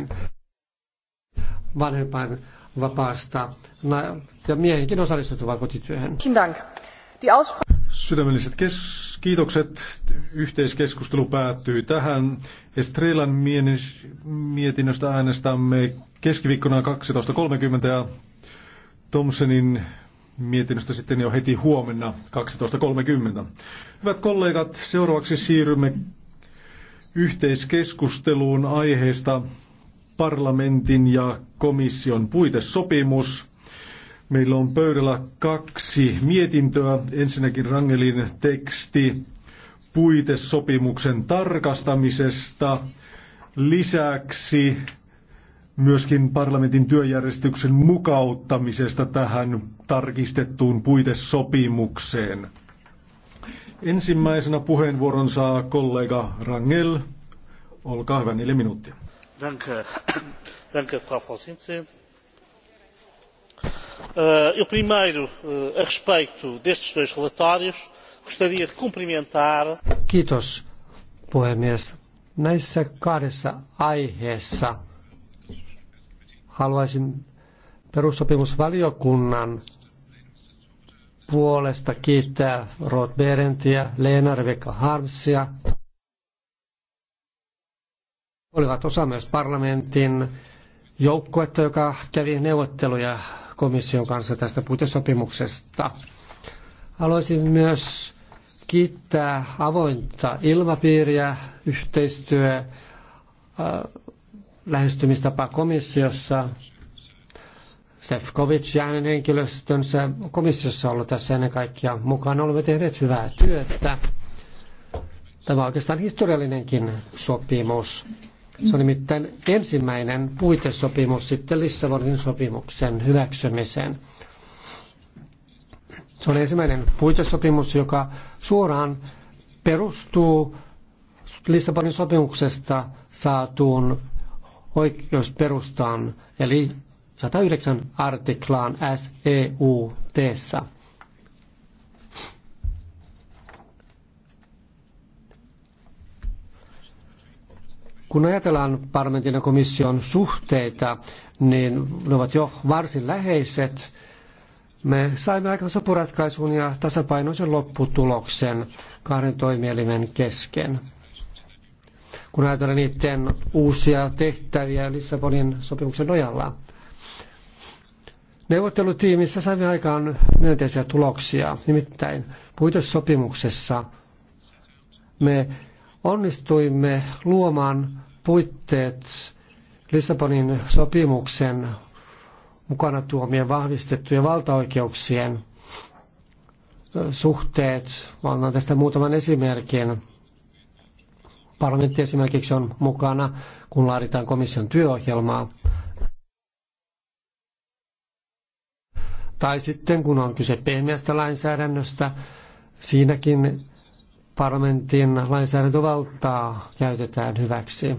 sitten vanhempain vapaasta ja miehenkin osallistutuvaan kotityöhön. Sydämelliset kes- kiitokset. Yhteiskeskustelu päättyy tähän. Estrelan mietinnöstä äänestämme keskiviikkona 12.30 ja Thomsenin mietinnöstä sitten jo heti huomenna 12.30. Hyvät kollegat, seuraavaksi siirrymme yhteiskeskusteluun aiheesta parlamentin ja komission puitesopimus. Meillä on pöydällä kaksi mietintöä. Ensinnäkin Rangelin teksti puitesopimuksen tarkastamisesta. Lisäksi myöskin parlamentin työjärjestyksen mukauttamisesta tähän tarkistettuun puitesopimukseen. Ensimmäisenä puheenvuoron saa kollega Rangel. Olkaa hyvä, neljä minuuttia. frau präsidentin! Eh, primeiro eh, a respeito destes dois relatórios gostaria de cumprimentar. kiitos puhemies. näissä kahdessa aiheessa haluaisin perussopimusvaliokunnan puolesta kiittää Roth Berentiä, Lena Rebecca Harmsia, olivat osa myös parlamentin joukkuetta, joka kävi neuvotteluja komission kanssa tästä puitesopimuksesta. Haluaisin myös kiittää avointa ilmapiiriä, yhteistyö, lähestymistapa komissiossa. Sefcovic ja hänen henkilöstönsä komissiossa ollut tässä ennen kaikkea mukana. Olemme tehneet hyvää työtä. Tämä on oikeastaan historiallinenkin sopimus. Se on nimittäin ensimmäinen puitesopimus sitten Lissabonin sopimuksen hyväksymiseen. Se on ensimmäinen puitesopimus, joka suoraan perustuu Lissabonin sopimuksesta saatuun oikeusperustaan, eli 109 artiklaan SEUT. Kun ajatellaan parlamentin ja komission suhteita, niin ne ovat jo varsin läheiset. Me saimme aikaan sopuratkaisun ja tasapainoisen lopputuloksen kahden toimielimen kesken. Kun ajatellaan niiden uusia tehtäviä Lissabonin sopimuksen nojalla. Neuvottelutiimissä saimme aikaan myönteisiä tuloksia. Nimittäin puitesopimuksessa me onnistuimme luomaan puitteet Lissabonin sopimuksen mukana tuomien vahvistettujen valtaoikeuksien suhteet. Mä annan tästä muutaman esimerkin. Parlamentti esimerkiksi on mukana, kun laaditaan komission työohjelmaa. Tai sitten, kun on kyse pehmeästä lainsäädännöstä, siinäkin parlamentin lainsäädäntövaltaa käytetään hyväksi.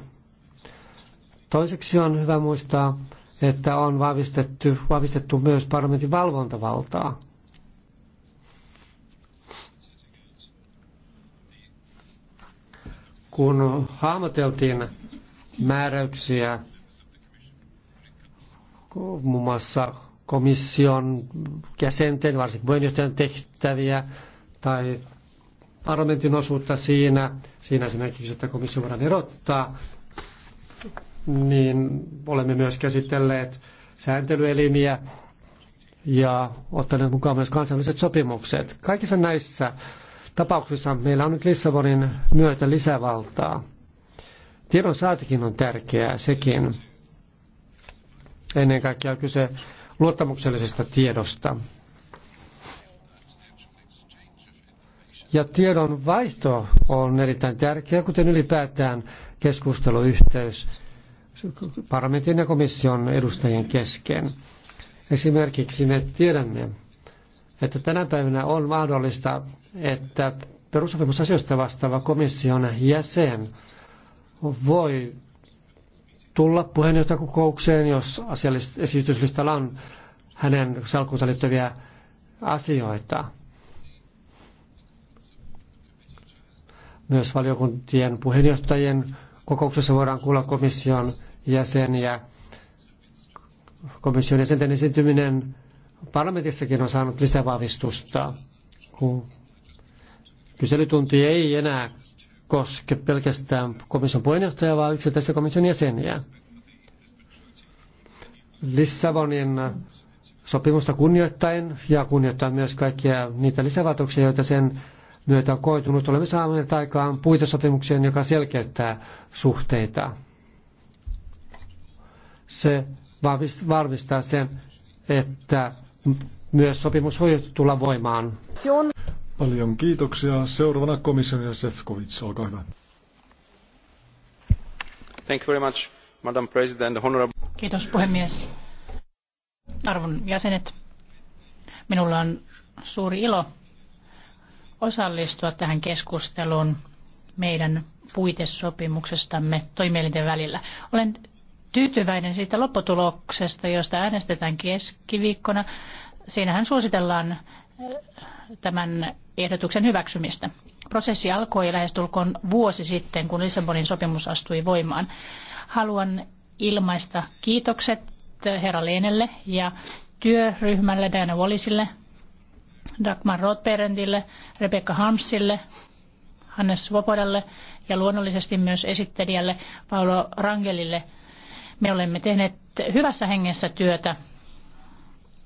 Toiseksi on hyvä muistaa, että on vahvistettu, vahvistettu myös parlamentin valvontavaltaa. Kun hahmoteltiin määräyksiä muun muassa komission jäsenten, varsinkin puheenjohtajan tehtäviä tai parlamentin osuutta siinä, siinä esimerkiksi, että komissio voidaan erottaa niin olemme myös käsitelleet sääntelyelimiä ja ottaneet mukaan myös kansainväliset sopimukset. Kaikissa näissä tapauksissa meillä on nyt Lissabonin myötä lisävaltaa. Tiedon saatikin on tärkeää sekin. Ennen kaikkea kyse luottamuksellisesta tiedosta. Ja tiedon vaihto on erittäin tärkeä, kuten ylipäätään keskusteluyhteys parlamentin ja komission edustajien kesken. Esimerkiksi me tiedämme, että tänä päivänä on mahdollista, että perusopimusasioista vastaava komission jäsen voi tulla puheenjohtajakokoukseen, jos esityslistalla on hänen salkuunsa liittyviä asioita. Myös valiokuntien puheenjohtajien kokouksessa voidaan kuulla komission jäseniä. Komission jäsenten esiintyminen parlamentissakin on saanut lisävahvistusta, kun kyselytunti ei enää koske pelkästään komission puheenjohtajaa, vaan yksittäisiä komission jäseniä. Lissabonin sopimusta kunnioittain ja kunnioittaa myös kaikkia niitä lisävaatuksia, joita sen myötä on koitunut. Olemme saaneet aikaan puitesopimuksen, joka selkeyttää suhteita. Se varmistaa sen, että myös sopimus voi tulla voimaan. Paljon kiitoksia. Seuraavana komission Sefcovic, olkaa hyvä. Thank you very much, Madam President. Honorable... Kiitos puhemies. Arvon jäsenet, minulla on suuri ilo osallistua tähän keskusteluun meidän puitesopimuksestamme toimielinten välillä. Olen tyytyväinen siitä lopputuloksesta, josta äänestetään keskiviikkona. Siinähän suositellaan eh, tämän ehdotuksen hyväksymistä. Prosessi alkoi lähestulkoon vuosi sitten, kun Lissabonin sopimus astui voimaan. Haluan ilmaista kiitokset herra Leenelle ja työryhmälle Diana Wallisille, Dagmar Rothberendille, Rebecca Harmsille, Hannes Svobodalle ja luonnollisesti myös esittelijälle Paolo Rangelille – me olemme tehneet hyvässä hengessä työtä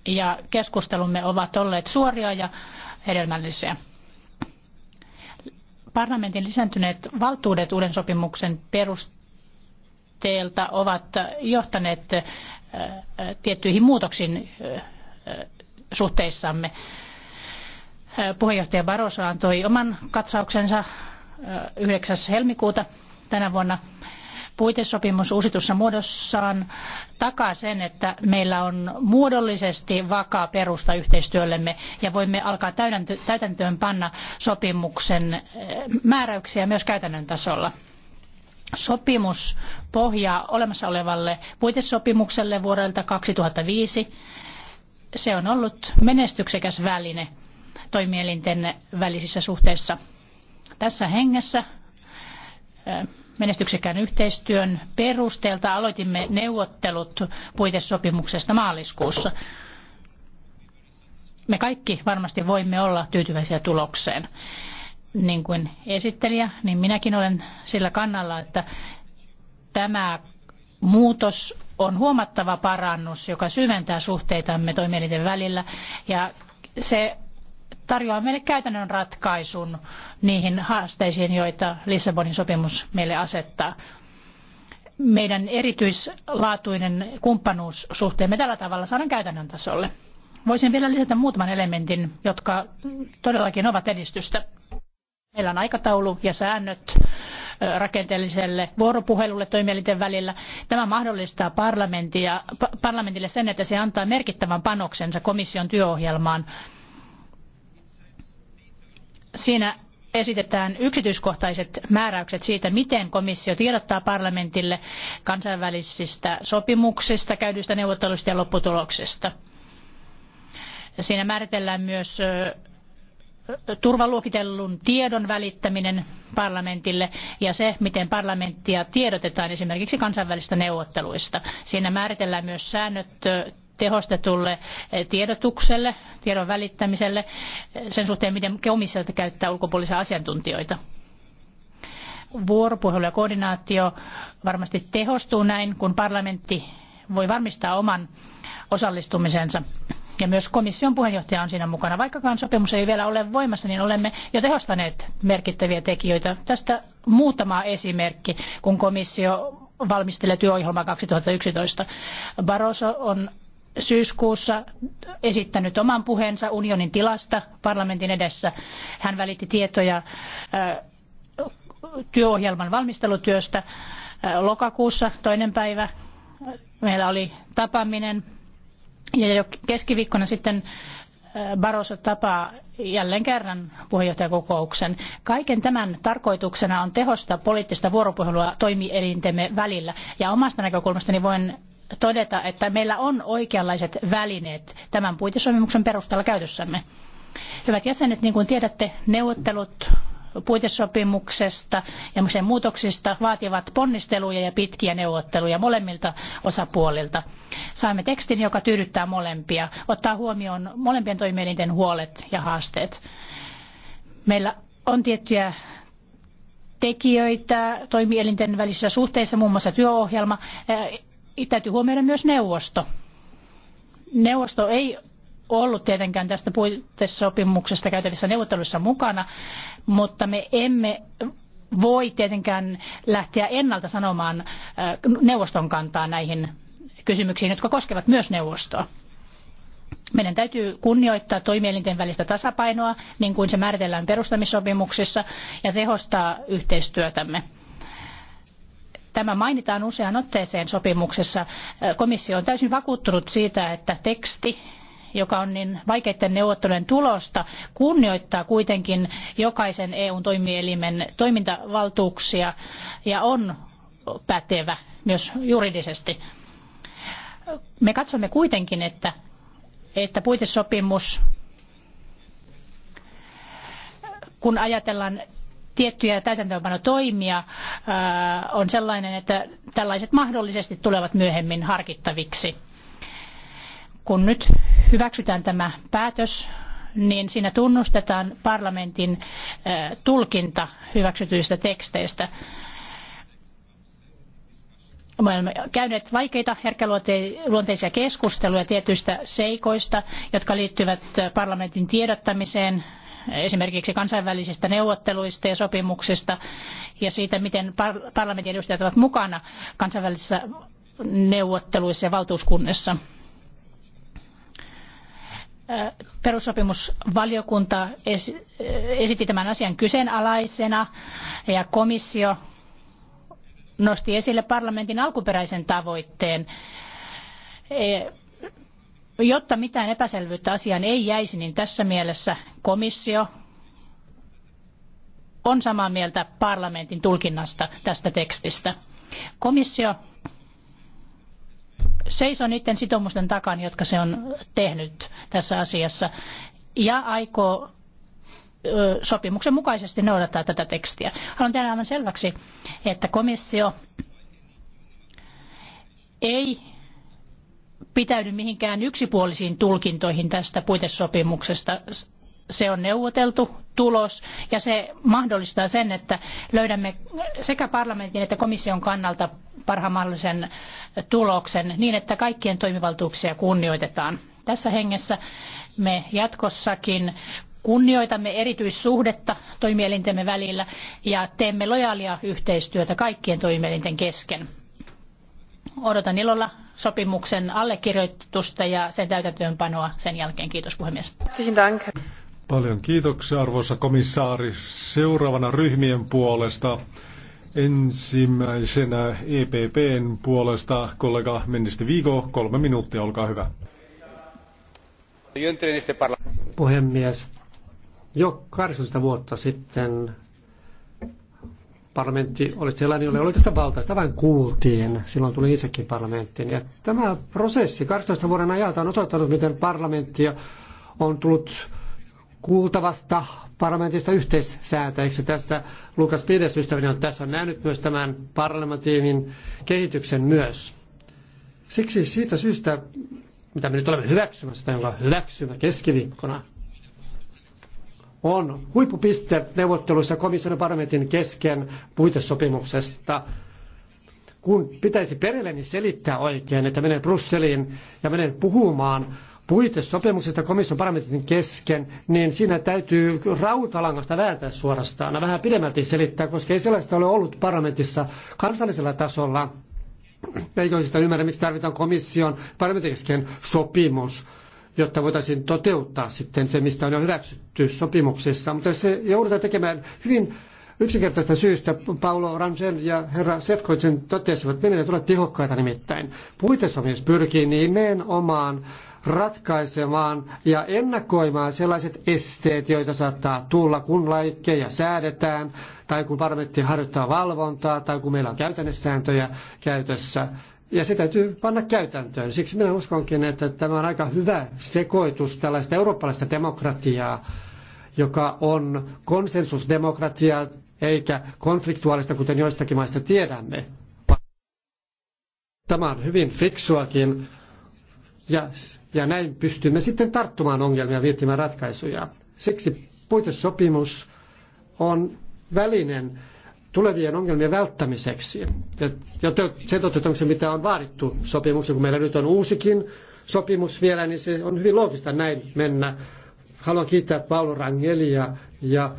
ja keskustelumme ovat olleet suoria ja hedelmällisiä. Parlamentin lisääntyneet valtuudet uuden sopimuksen perusteelta ovat johtaneet tiettyihin muutoksiin suhteissamme. Puheenjohtaja Barroso antoi oman katsauksensa 9. helmikuuta tänä vuonna puitesopimus uusitussa muodossaan takaa sen, että meillä on muodollisesti vakaa perusta yhteistyöllemme ja voimme alkaa täytäntöön panna sopimuksen eh, määräyksiä myös käytännön tasolla sopimus pohjaa olemassa olevalle puitesopimukselle vuodelta 2005. Se on ollut menestyksekäs väline toimielinten välisissä suhteissa. Tässä hengessä eh, menestyksekään yhteistyön perusteelta aloitimme neuvottelut puitesopimuksesta maaliskuussa. Me kaikki varmasti voimme olla tyytyväisiä tulokseen. Niin kuin esittelijä, niin minäkin olen sillä kannalla, että tämä muutos on huomattava parannus, joka syventää suhteitamme toimielinten välillä ja se tarjoaa meille käytännön ratkaisun niihin haasteisiin, joita Lissabonin sopimus meille asettaa. Meidän erityislaatuinen kumppanuussuhteemme tällä tavalla saadaan käytännön tasolle. Voisin vielä lisätä muutaman elementin, jotka todellakin ovat edistystä. Meillä on aikataulu ja säännöt rakenteelliselle vuoropuhelulle toimielinten välillä. Tämä mahdollistaa parlamentille sen, että se antaa merkittävän panoksensa komission työohjelmaan Siinä esitetään yksityiskohtaiset määräykset siitä, miten komissio tiedottaa parlamentille kansainvälisistä sopimuksista, käydyistä neuvotteluista ja lopputuloksesta. Siinä määritellään myös turvaluokitellun tiedon välittäminen parlamentille ja se, miten parlamenttia tiedotetaan esimerkiksi kansainvälisistä neuvotteluista. Siinä määritellään myös säännöt tehostetulle tiedotukselle tiedon välittämiselle sen suhteen, miten komissio käyttää ulkopuolisia asiantuntijoita. Vuoropuhelu ja koordinaatio varmasti tehostuu näin, kun parlamentti voi varmistaa oman osallistumisensa. Ja myös komission puheenjohtaja on siinä mukana. Vaikkakaan sopimus ei vielä ole voimassa, niin olemme jo tehostaneet merkittäviä tekijöitä. Tästä muutama esimerkki, kun komissio valmistelee työohjelmaa 2011. Barroso on syyskuussa esittänyt oman puheensa unionin tilasta parlamentin edessä. Hän välitti tietoja äh, työohjelman valmistelutyöstä äh, lokakuussa toinen päivä. Meillä oli tapaaminen ja jo keskiviikkona sitten äh, Barroso tapaa jälleen kerran puheenjohtajakokouksen. Kaiken tämän tarkoituksena on tehostaa poliittista vuoropuhelua toimielintemme välillä. Ja omasta näkökulmastani voin todeta, että meillä on oikeanlaiset välineet tämän puitesopimuksen perusteella käytössämme. Hyvät jäsenet, niin kuin tiedätte, neuvottelut puitesopimuksesta ja sen muutoksista vaativat ponnisteluja ja pitkiä neuvotteluja molemmilta osapuolilta. Saimme tekstin, joka tyydyttää molempia, ottaa huomioon molempien toimielinten huolet ja haasteet. Meillä on tiettyjä tekijöitä toimielinten välisissä suhteissa, muun muassa työohjelma, täytyy huomioida myös neuvosto. Neuvosto ei ollut tietenkään tästä puitesopimuksesta käytävissä neuvotteluissa mukana, mutta me emme voi tietenkään lähteä ennalta sanomaan neuvoston kantaa näihin kysymyksiin, jotka koskevat myös neuvostoa. Meidän täytyy kunnioittaa toimielinten välistä tasapainoa, niin kuin se määritellään perustamissopimuksissa, ja tehostaa yhteistyötämme. Tämä mainitaan useaan otteeseen sopimuksessa. Komissio on täysin vakuuttunut siitä, että teksti joka on niin vaikeiden neuvottelujen tulosta, kunnioittaa kuitenkin jokaisen EUn toimielimen toimintavaltuuksia ja on pätevä myös juridisesti. Me katsomme kuitenkin, että, että puitesopimus kun ajatellaan tiettyjä täytäntöönpanotoimia äh, on sellainen, että tällaiset mahdollisesti tulevat myöhemmin harkittaviksi. Kun nyt hyväksytään tämä päätös, niin siinä tunnustetaan parlamentin äh, tulkinta hyväksytyistä teksteistä. Me olemme käyneet vaikeita herkkäluonteisia keskusteluja tietyistä seikoista, jotka liittyvät äh, parlamentin tiedottamiseen esimerkiksi kansainvälisistä neuvotteluista ja sopimuksista ja siitä, miten parlamentin edustajat ovat mukana kansainvälisissä neuvotteluissa ja valtuuskunnissa. Perussopimusvaliokunta esitti tämän asian kyseenalaisena ja komissio nosti esille parlamentin alkuperäisen tavoitteen e- Jotta mitään epäselvyyttä asiaan ei jäisi, niin tässä mielessä komissio on samaa mieltä parlamentin tulkinnasta tästä tekstistä. Komissio seisoo niiden sitoumusten takana, jotka se on tehnyt tässä asiassa, ja aikoo sopimuksen mukaisesti noudattaa tätä tekstiä. Haluan tehdä aivan selväksi, että komissio ei pitäydy mihinkään yksipuolisiin tulkintoihin tästä puitesopimuksesta. Se on neuvoteltu tulos ja se mahdollistaa sen, että löydämme sekä parlamentin että komission kannalta parhaan mahdollisen tuloksen niin, että kaikkien toimivaltuuksia kunnioitetaan. Tässä hengessä me jatkossakin kunnioitamme erityissuhdetta toimielintemme välillä ja teemme lojaalia yhteistyötä kaikkien toimielinten kesken. Odotan ilolla sopimuksen allekirjoitusta ja sen täytäntöönpanoa sen jälkeen. Kiitos puhemies. Paljon kiitoksia arvoisa komissaari. Seuraavana ryhmien puolesta ensimmäisenä EPPn puolesta kollega Mennisti Viiko, kolme minuuttia, olkaa hyvä. Puhemies, jo 18 vuotta sitten parlamentti oli sellainen, niin jolle oli tästä valtaista, vain kuultiin. Silloin tuli itsekin parlamenttiin. Ja tämä prosessi 12 vuoden ajalta on osoittanut, miten parlamentti on tullut kuultavasta parlamentista yhteissäätäjiksi. Tässä Lukas Pides ystäväni on tässä nähnyt myös tämän parlamentiivin kehityksen myös. Siksi siitä syystä, mitä me nyt olemme hyväksymässä tai jonka hyväksymme keskiviikkona, on huippupiste neuvotteluissa komission ja parlamentin kesken puitesopimuksesta. Kun pitäisi perilleni selittää oikein, että menen Brysseliin ja menen puhumaan puitesopimuksesta komission parlamentin kesken, niin siinä täytyy rautalangasta vääntää suorastaan. Vähän pidemmälti selittää, koska ei sellaista ole ollut parlamentissa kansallisella tasolla. Eikö sitä ymmärrä, miksi tarvitaan komission parlamentin kesken sopimus? jotta voitaisiin toteuttaa sitten se, mistä on jo hyväksytty sopimuksessa. Mutta se joudutaan tekemään hyvin yksinkertaista syystä. Paolo Rangel ja herra Sefkoitsen totesivat, meidän tulee tehokkaita nimittäin. Puitesopimus pyrkii nimenomaan ratkaisemaan ja ennakoimaan sellaiset esteet, joita saattaa tulla, kun laikkeja säädetään, tai kun parlamentti harjoittaa valvontaa, tai kun meillä on käytännössääntöjä käytössä ja se täytyy panna käytäntöön. Siksi minä uskonkin, että tämä on aika hyvä sekoitus tällaista eurooppalaista demokratiaa, joka on konsensusdemokratiaa eikä konfliktuaalista, kuten joistakin maista tiedämme. Tämä on hyvin fiksuakin ja, ja näin pystymme sitten tarttumaan ongelmia ja viettimään ratkaisuja. Siksi puitesopimus on välinen tulevien ongelmien välttämiseksi. Ja se toteutunko se, mitä on vaadittu sopimuksen, kun meillä nyt on uusikin sopimus vielä, niin se on hyvin loogista näin mennä. Haluan kiittää Paolo Rangelia ja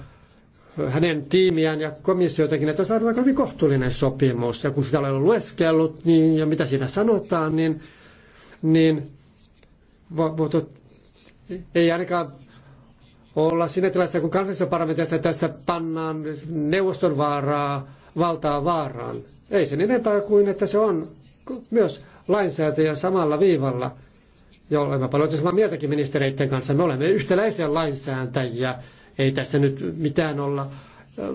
hänen tiimiään ja komissiotakin, että on saanut aika hyvin kohtuullinen sopimus. Ja kun sitä olen lueskellut niin, ja mitä siinä sanotaan, niin, niin vo, vo, ei ainakaan olla siinä tilanteessa, kun kansallisessa parlamentissa tässä pannaan neuvoston vaaraa, valtaa vaaraan. Ei sen enempää kuin, että se on myös lainsäätäjä samalla viivalla. Ja olemme paljon samaa mieltäkin ministereiden kanssa. Me olemme yhtäläisiä lainsääntäjiä. Ei tässä nyt mitään olla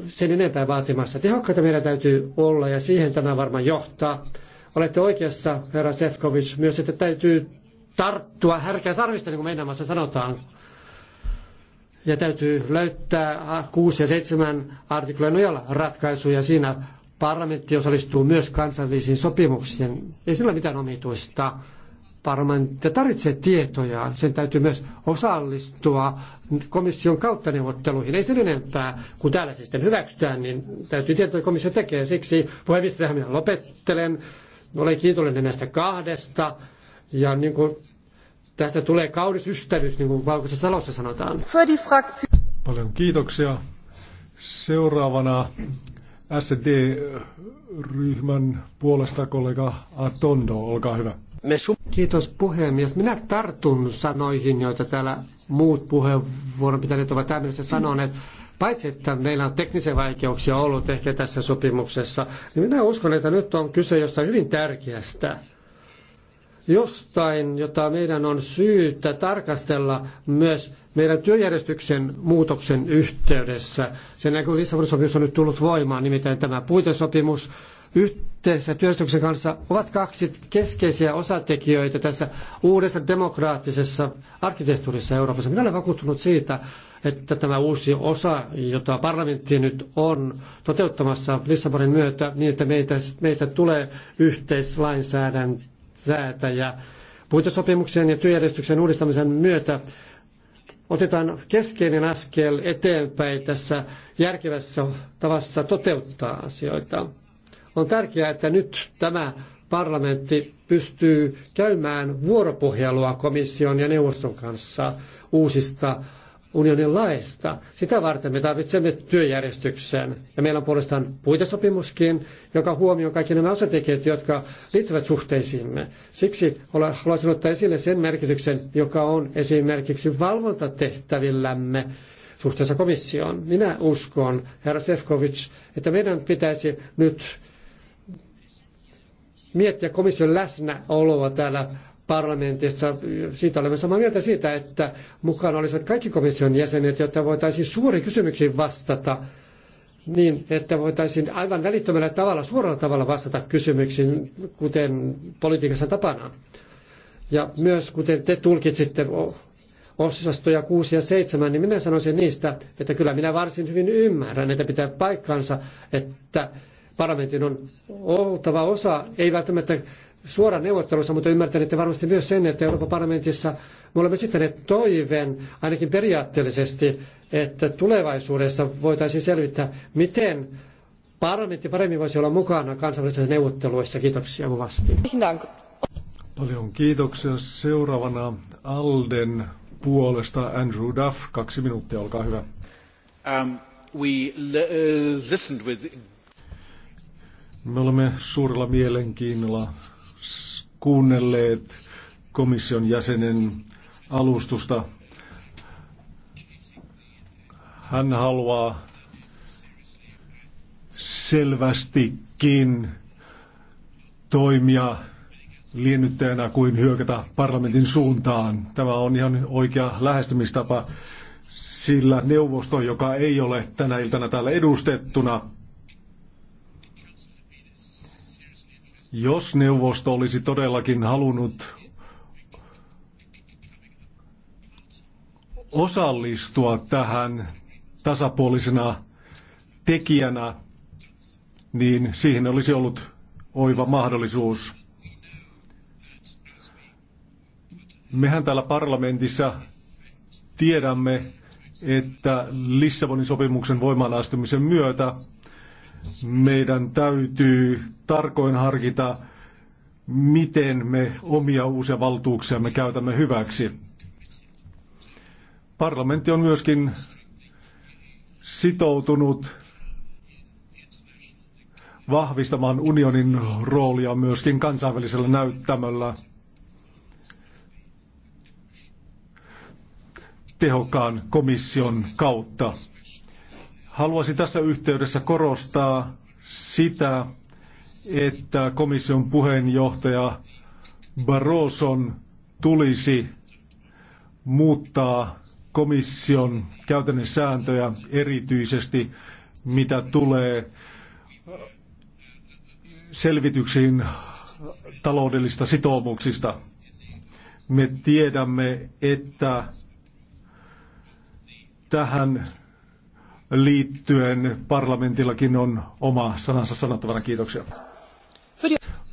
sen enempää vaatimassa. Tehokkaita meidän täytyy olla ja siihen tämä varmaan johtaa. Olette oikeassa, herra Sefcovic, myös, että täytyy tarttua härkää sarvista, niin kuin meidän maassa sanotaan ja täytyy löytää 6 ja 7 artiklojen nojalla ratkaisuja. Siinä parlamentti osallistuu myös kansainvälisiin sopimuksiin. Ei sillä mitään omituista. Parlamentti tarvitsee tietoja. Sen täytyy myös osallistua komission kautta neuvotteluihin. Ei sen enempää, kun täällä se sitten hyväksytään, niin täytyy tietää, että komissio tekee. Siksi puheenjohtaja minä lopettelen. Olen kiitollinen näistä kahdesta. Ja niin kuin Tästä tulee kaunis ystävyys, niin kuin Valkoisessa talossa sanotaan. Paljon kiitoksia. Seuraavana SD-ryhmän puolesta kollega Atondo, olkaa hyvä. Kiitos puhemies. Minä tartun sanoihin, joita täällä muut puheenvuoron pitäneet ovat tämmöisessä sanoneet. Paitsi, että meillä on teknisiä vaikeuksia ollut ehkä tässä sopimuksessa, niin minä uskon, että nyt on kyse jostain hyvin tärkeästä – jostain, jota meidän on syytä tarkastella myös meidän työjärjestyksen muutoksen yhteydessä. Sen näkyy Lissabonin sopimus on nyt tullut voimaan, nimittäin tämä puitesopimus yhteensä työjärjestyksen kanssa ovat kaksi keskeisiä osatekijöitä tässä uudessa demokraattisessa arkkitehtuurissa Euroopassa. Minä olen vakuuttunut siitä, että tämä uusi osa, jota parlamentti nyt on toteuttamassa Lissabonin myötä, niin että meitä, meistä tulee yhteislainsäädäntö säätäjä. Puitesopimuksen ja työjärjestyksen uudistamisen myötä otetaan keskeinen askel eteenpäin tässä järkevässä tavassa toteuttaa asioita. On tärkeää, että nyt tämä parlamentti pystyy käymään vuoropuhelua komission ja neuvoston kanssa uusista unionin laista. Sitä varten me tarvitsemme työjärjestyksen. Ja meillä on puolestaan puitesopimuskin, joka huomioi kaikki nämä asetekijät, jotka liittyvät suhteisiimme. Siksi haluaisin ottaa esille sen merkityksen, joka on esimerkiksi valvontatehtävillämme suhteessa komissioon. Minä uskon, herra Sefkovic, että meidän pitäisi nyt miettiä komission läsnäoloa täällä parlamentissa. Siitä olemme samaa mieltä siitä, että mukana olisivat kaikki komission jäsenet, jotta voitaisiin suuri kysymyksiin vastata niin, että voitaisiin aivan välittömällä tavalla, suoralla tavalla vastata kysymyksiin, kuten politiikassa tapana. Ja myös, kuten te tulkitsitte osastoja 6 ja 7, niin minä sanoisin niistä, että kyllä minä varsin hyvin ymmärrän, että pitää paikkansa, että parlamentin on oltava osa, ei välttämättä Suora neuvottelussa, mutta ymmärtänette varmasti myös sen, että Euroopan parlamentissa me olemme esittäneet toiveen, ainakin periaatteellisesti, että tulevaisuudessa voitaisiin selvittää, miten parlamentti paremmin voisi olla mukana kansainvälisissä neuvotteluissa. Kiitoksia kovasti. Paljon kiitoksia. Seuraavana Alden puolesta Andrew Duff. Kaksi minuuttia, olkaa hyvä. Um, we uh, listened with... Me olemme suurella mielenkiinnolla kuunnelleet komission jäsenen alustusta. Hän haluaa selvästikin toimia liennyttäjänä kuin hyökätä parlamentin suuntaan. Tämä on ihan oikea lähestymistapa, sillä neuvosto, joka ei ole tänä iltana täällä edustettuna, Jos neuvosto olisi todellakin halunnut osallistua tähän tasapuolisena tekijänä, niin siihen olisi ollut oiva mahdollisuus. Mehän täällä parlamentissa tiedämme, että Lissabonin sopimuksen voimaan astumisen myötä meidän täytyy tarkoin harkita, miten me omia uusia valtuuksiamme käytämme hyväksi. Parlamentti on myöskin sitoutunut vahvistamaan unionin roolia myöskin kansainvälisellä näyttämöllä tehokkaan komission kautta. Haluaisin tässä yhteydessä korostaa sitä, että komission puheenjohtaja Barroson tulisi muuttaa komission käytännön sääntöjä erityisesti, mitä tulee selvityksiin taloudellista sitoumuksista. Me tiedämme, että tähän liittyen parlamentillakin on oma sanansa sanottavana. Kiitoksia.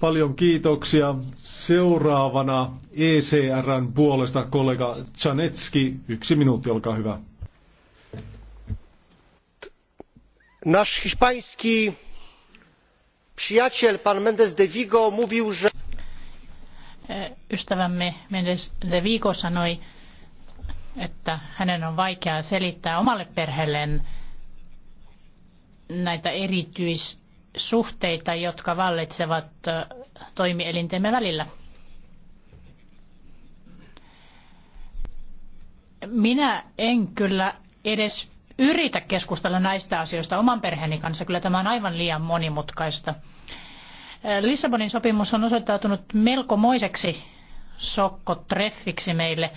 Paljon kiitoksia. Seuraavana ECRn puolesta kollega Chanetski. Yksi minuutti, olkaa hyvä. Nasz hispański przyjaciel pan Mendes de Vigo mówił, że... E, ystävämme Mendes de Vigo sanoi, että hänen on vaikea selittää omalle perheelleen näitä erityissuhteita, jotka vallitsevat toimielintemme välillä. Minä en kyllä edes yritä keskustella näistä asioista oman perheeni kanssa. Kyllä tämä on aivan liian monimutkaista. Lissabonin sopimus on osoittautunut melkomoiseksi sokkotreffiksi meille.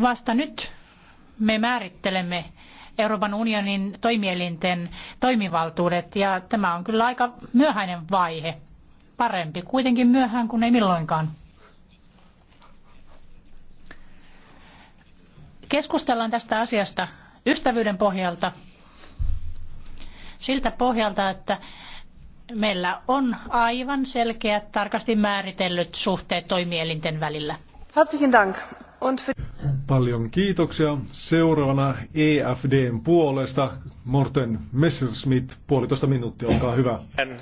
Vasta nyt me määrittelemme Euroopan unionin toimielinten toimivaltuudet ja tämä on kyllä aika myöhäinen vaihe. Parempi kuitenkin myöhään kuin ei milloinkaan. Keskustellaan tästä asiasta ystävyyden pohjalta, siltä pohjalta, että meillä on aivan selkeät, tarkasti määritellyt suhteet toimielinten välillä. Herzlichen Dank. Paljon kiitoksia. Seuraavana EFDn puolesta Morten Messerschmidt, puolitoista minuuttia, olkaa hyvä. Eh, eh,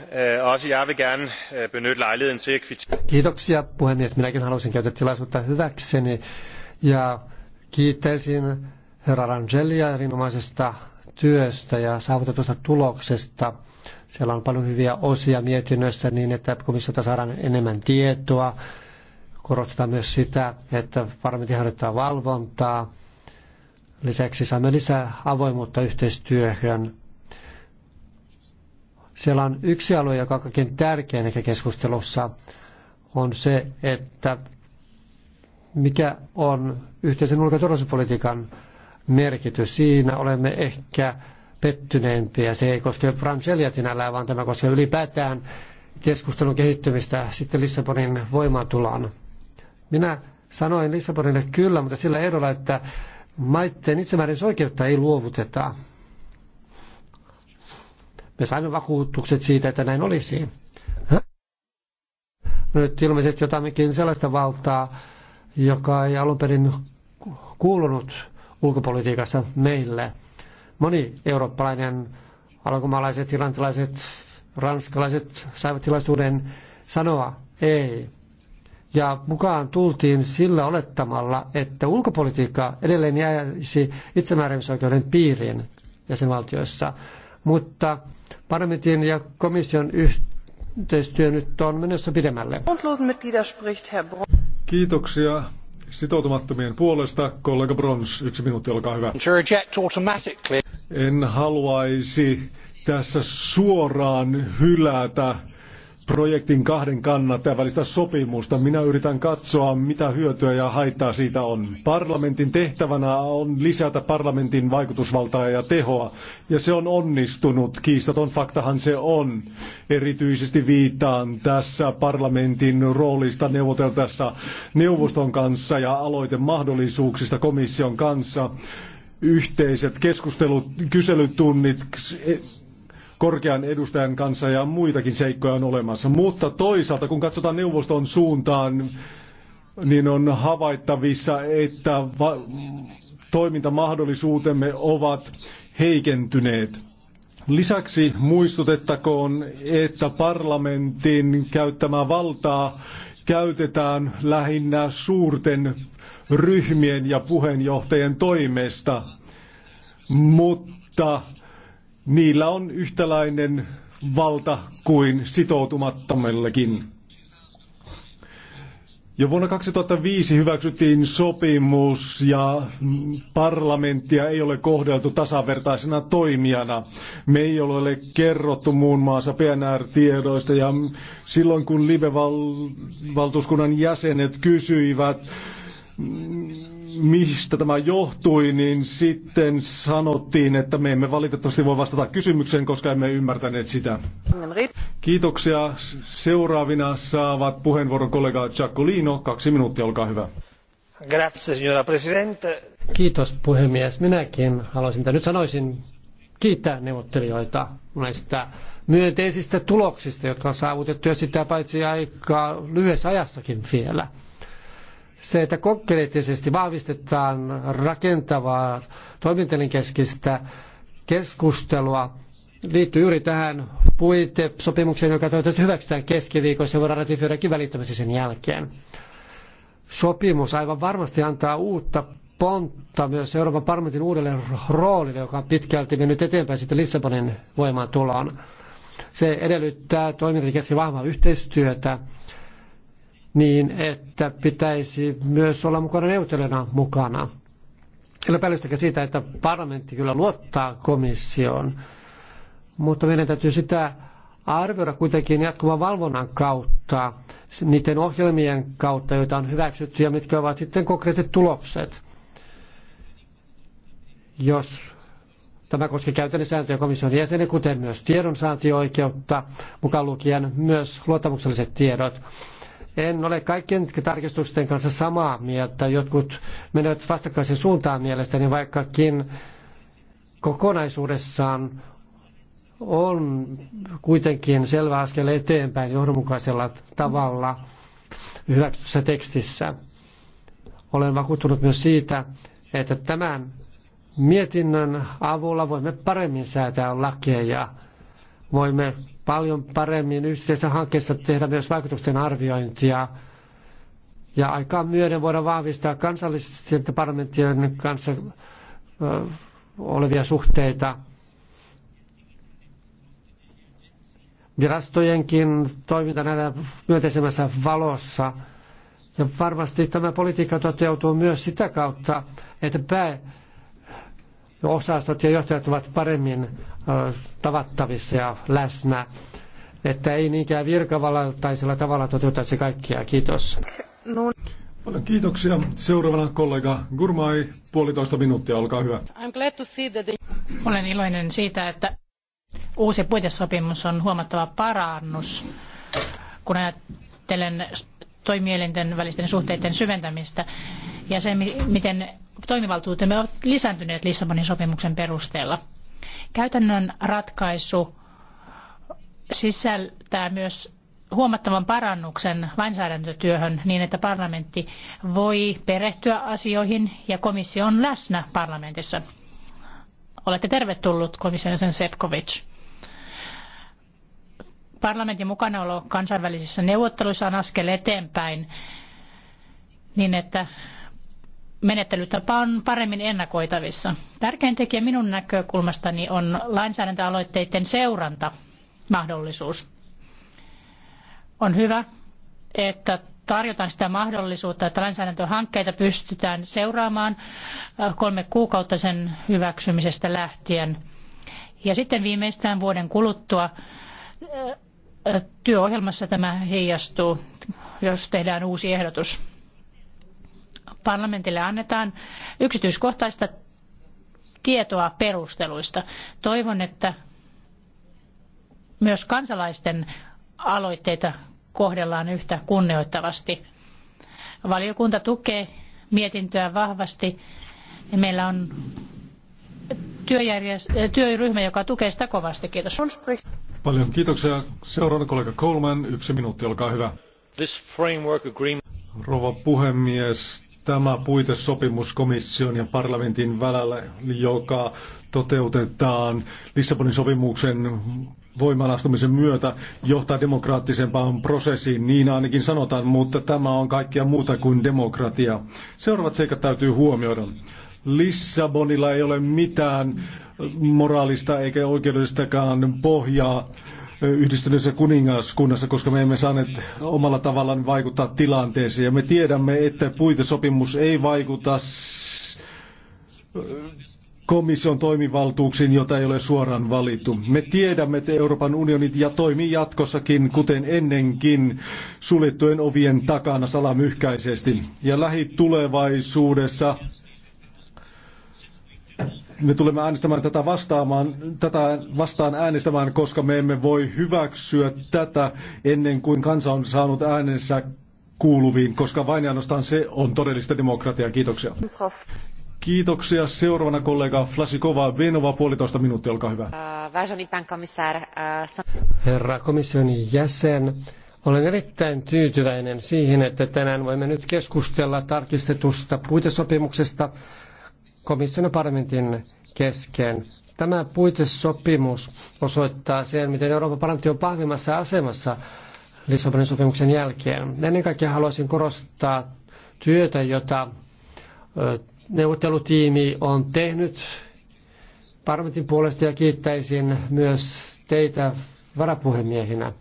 kiitoksia puhemies. Minäkin haluaisin käyttää tilaisuutta hyväkseni ja kiittäisin herra Rangelia erinomaisesta työstä ja saavutetusta tuloksesta. Siellä on paljon hyviä osia mietinnössä niin, että komissiota saadaan enemmän tietoa Korostetaan myös sitä, että parlamentti harjoittaa valvontaa. Lisäksi saamme lisää avoimuutta yhteistyöhön. Siellä on yksi alue, joka on kaikkein tärkein ehkä keskustelussa, on se, että mikä on yhteisen ulko- ja turvallisuuspolitiikan merkitys. Siinä olemme ehkä pettyneempiä. Se ei koske Francelia sinällään, vaan tämä koskee ylipäätään keskustelun kehittymistä sitten Lissabonin voimaantuloon. Minä sanoin Lissabonille kyllä, mutta sillä ehdolla, että maitten itsemääräisoikeutta ei luovuteta. Me saimme vakuutukset siitä, että näin olisi. Nyt ilmeisesti jotakin sellaista valtaa, joka ei alun perin kuulunut ulkopolitiikassa meille. Moni eurooppalainen, alkumaalaiset, irlantilaiset, ranskalaiset saivat tilaisuuden sanoa ei ja mukaan tultiin sillä olettamalla, että ulkopolitiikka edelleen jäisi itsemääräämisoikeuden piiriin jäsenvaltioissa. Mutta parlamentin ja komission yhteistyö nyt on menossa pidemmälle. Kiitoksia sitoutumattomien puolesta. Kollega Brons, yksi minuutti, olkaa hyvä. En haluaisi tässä suoraan hylätä projektin kahden kannattajan välistä sopimusta. Minä yritän katsoa, mitä hyötyä ja haittaa siitä on. Parlamentin tehtävänä on lisätä parlamentin vaikutusvaltaa ja tehoa, ja se on onnistunut. Kiistaton faktahan se on. Erityisesti viittaan tässä parlamentin roolista neuvoteltaessa neuvoston kanssa ja aloitemahdollisuuksista komission kanssa. Yhteiset keskustelut, kyselytunnit, korkean edustajan kanssa ja muitakin seikkoja on olemassa. Mutta toisaalta, kun katsotaan neuvoston suuntaan, niin on havaittavissa, että toimintamahdollisuutemme ovat heikentyneet. Lisäksi muistutettakoon, että parlamentin käyttämää valtaa käytetään lähinnä suurten ryhmien ja puheenjohtajien toimesta, mutta niillä on yhtäläinen valta kuin sitoutumattomillekin. Jo vuonna 2005 hyväksyttiin sopimus ja parlamenttia ei ole kohdeltu tasavertaisena toimijana. Me ei ole kerrottu muun muassa PNR-tiedoista ja silloin kun Libe-valtuuskunnan jäsenet kysyivät mistä tämä johtui, niin sitten sanottiin, että me emme valitettavasti voi vastata kysymykseen, koska emme ymmärtäneet sitä. Kiitoksia. Seuraavina saavat puheenvuoron kollega Giacolino. Kaksi minuuttia, olkaa hyvä. Grazie, signora Presidente. Kiitos puhemies. Minäkin haluaisin, että nyt sanoisin kiittää neuvottelijoita näistä myönteisistä tuloksista, jotka on saavutettu ja sitä paitsi aika lyhyessä ajassakin vielä – se, että konkreettisesti vahvistetaan rakentavaa toimintelin-keskistä keskustelua, liittyy juuri tähän puitesopimukseen, joka toivottavasti hyväksytään keskiviikossa ja voidaan ratifioidakin välittömästi sen jälkeen. Sopimus aivan varmasti antaa uutta pontta myös Euroopan parlamentin uudelle roolille, joka on pitkälti mennyt eteenpäin sitten Lissabonin voimaan tuloon. Se edellyttää toimintakesken vahvaa yhteistyötä niin että pitäisi myös olla mukana neuvottelijana mukana. Ei päällystäkään siitä, että parlamentti kyllä luottaa komissioon, mutta meidän täytyy sitä arvioida kuitenkin jatkuvan valvonnan kautta, niiden ohjelmien kautta, joita on hyväksytty ja mitkä ovat sitten konkreettiset tulokset. Jos Tämä koskee käytännön sääntöjä komission jäseniä, kuten myös tiedonsaantioikeutta, mukaan lukien myös luottamukselliset tiedot. En ole kaikkien tarkistusten kanssa samaa mieltä. Jotkut menevät vastakkaisen suuntaan mielestäni, vaikkakin kokonaisuudessaan on kuitenkin selvä askel eteenpäin johdonmukaisella tavalla hyväksytyssä tekstissä. Olen vakuuttunut myös siitä, että tämän mietinnön avulla voimme paremmin säätää lakeja voimme paljon paremmin yhteisessä hankkeessa tehdä myös vaikutusten arviointia. Ja aikaa myöden voidaan vahvistaa kansallisten parlamenttien kanssa olevia suhteita. Virastojenkin toiminta nähdään myönteisemmässä valossa. Ja varmasti tämä politiikka toteutuu myös sitä kautta, että pää osastot ja johtajat ovat paremmin tavattavissa ja läsnä, että ei niinkään virkavaltaisella tavalla toteuttaisi kaikkia. Kiitos. No. Paljon kiitoksia. Seuraavana kollega Gurmai, puolitoista minuuttia, olkaa hyvä. Olen iloinen siitä, että uusi puitesopimus on huomattava parannus, kun ajattelen toimielinten välisten suhteiden syventämistä ja se, miten toimivaltuutemme ovat lisääntyneet Lissabonin sopimuksen perusteella. Käytännön ratkaisu sisältää myös huomattavan parannuksen lainsäädäntötyöhön niin, että parlamentti voi perehtyä asioihin ja komissio on läsnä parlamentissa. Olette tervetullut komission jäsen Sefcovic. Parlamentin mukanaolo kansainvälisissä neuvotteluissa on askel eteenpäin niin, että menettelytapa on paremmin ennakoitavissa. Tärkein tekijä minun näkökulmastani on lainsäädäntöaloitteiden seuranta mahdollisuus. On hyvä, että tarjotaan sitä mahdollisuutta, että lainsäädäntöhankkeita pystytään seuraamaan kolme kuukautta sen hyväksymisestä lähtien. Ja sitten viimeistään vuoden kuluttua työohjelmassa tämä heijastuu, jos tehdään uusi ehdotus parlamentille annetaan yksityiskohtaista tietoa perusteluista. Toivon, että myös kansalaisten aloitteita kohdellaan yhtä kunnioittavasti. Valiokunta tukee mietintöä vahvasti. Meillä on työryhmä, joka tukee sitä kovasti. Kiitos. Paljon kiitoksia. Seuraava kollega Coleman. Yksi minuutti, olkaa hyvä. This framework agreement... Rova puhemies, tämä puitesopimus komission ja parlamentin välillä, joka toteutetaan Lissabonin sopimuksen voimaanastumisen myötä johtaa demokraattisempaan prosessiin, niin ainakin sanotaan, mutta tämä on kaikkea muuta kuin demokratia. Seuraavat seikat täytyy huomioida. Lissabonilla ei ole mitään moraalista eikä oikeudellistakaan pohjaa yhdistyneessä kuningaskunnassa, koska me emme saaneet omalla tavallaan vaikuttaa tilanteeseen. Ja me tiedämme, että puitesopimus ei vaikuta komission toimivaltuuksiin, jota ei ole suoraan valittu. Me tiedämme, että Euroopan unioni ja toimii jatkossakin, kuten ennenkin, suljettujen ovien takana salamyhkäisesti. Ja lähitulevaisuudessa me tulemme äänestämään tätä, vastaamaan, tätä vastaan äänestämään, koska me emme voi hyväksyä tätä ennen kuin kansa on saanut äänensä kuuluviin, koska vain ja ainoastaan se on todellista demokratiaa. Kiitoksia. Kiitoksia. Seuraavana kollega Flasikova Venova, puolitoista minuuttia, olkaa hyvä. Eh, Herra komission jäsen, olen erittäin tyytyväinen siihen, että tänään voimme nyt keskustella tarkistetusta puitesopimuksesta, komission ja parlamentin kesken. Tämä puitesopimus osoittaa sen, miten Euroopan parlamentti on pahvimmassa asemassa Lissabonin sopimuksen jälkeen. Ennen kaikkea haluaisin korostaa työtä, jota neuvottelutiimi on tehnyt parlamentin puolesta ja kiittäisin myös teitä varapuhemiehinä.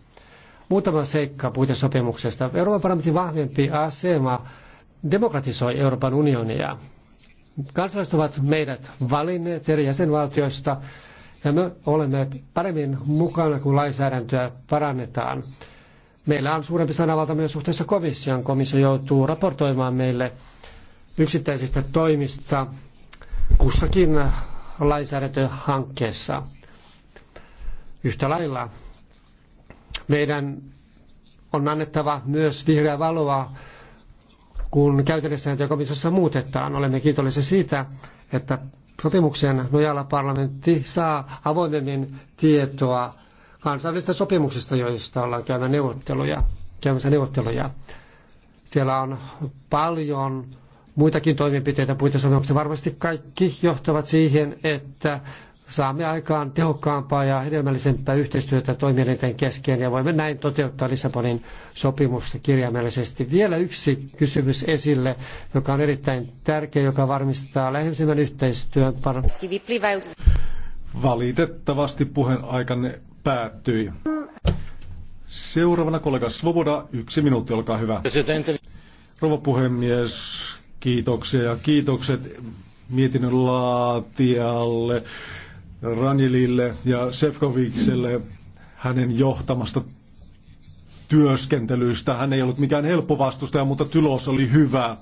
Muutama seikka puitesopimuksesta. Euroopan parlamentin vahvempi asema demokratisoi Euroopan unionia. Kansalaiset ovat meidät valinneet eri jäsenvaltioista ja me olemme paremmin mukana, kun lainsäädäntöä parannetaan. Meillä on suurempi sanavalta myös suhteessa komission. Komissio joutuu raportoimaan meille yksittäisistä toimista kussakin lainsäädäntöhankkeessa. Yhtä lailla meidän on annettava myös vihreä valoa kun käytännössääntöjä komissiossa muutetaan. Olemme kiitollisia siitä, että sopimuksen nojalla parlamentti saa avoimemmin tietoa kansainvälisistä sopimuksista, joista ollaan käymään neuvotteluja, käymässä neuvotteluja. Siellä on paljon muitakin toimenpiteitä puitesopimuksia. Varmasti kaikki johtavat siihen, että saamme aikaan tehokkaampaa ja hedelmällisempää yhteistyötä toimielinten kesken ja voimme näin toteuttaa Lissabonin sopimusta kirjaimellisesti. Vielä yksi kysymys esille, joka on erittäin tärkeä, joka varmistaa läheisemmän yhteistyön. Valitettavasti puheen aikanne päättyi. Seuraavana kollega Svoboda, yksi minuutti, olkaa hyvä. Rouva puhemies, kiitoksia ja kiitokset mietinnön laatijalle Ranilille ja Sefkovikselle hänen johtamasta työskentelystä. Hän ei ollut mikään helppo vastustaja, mutta tulos oli hyvä.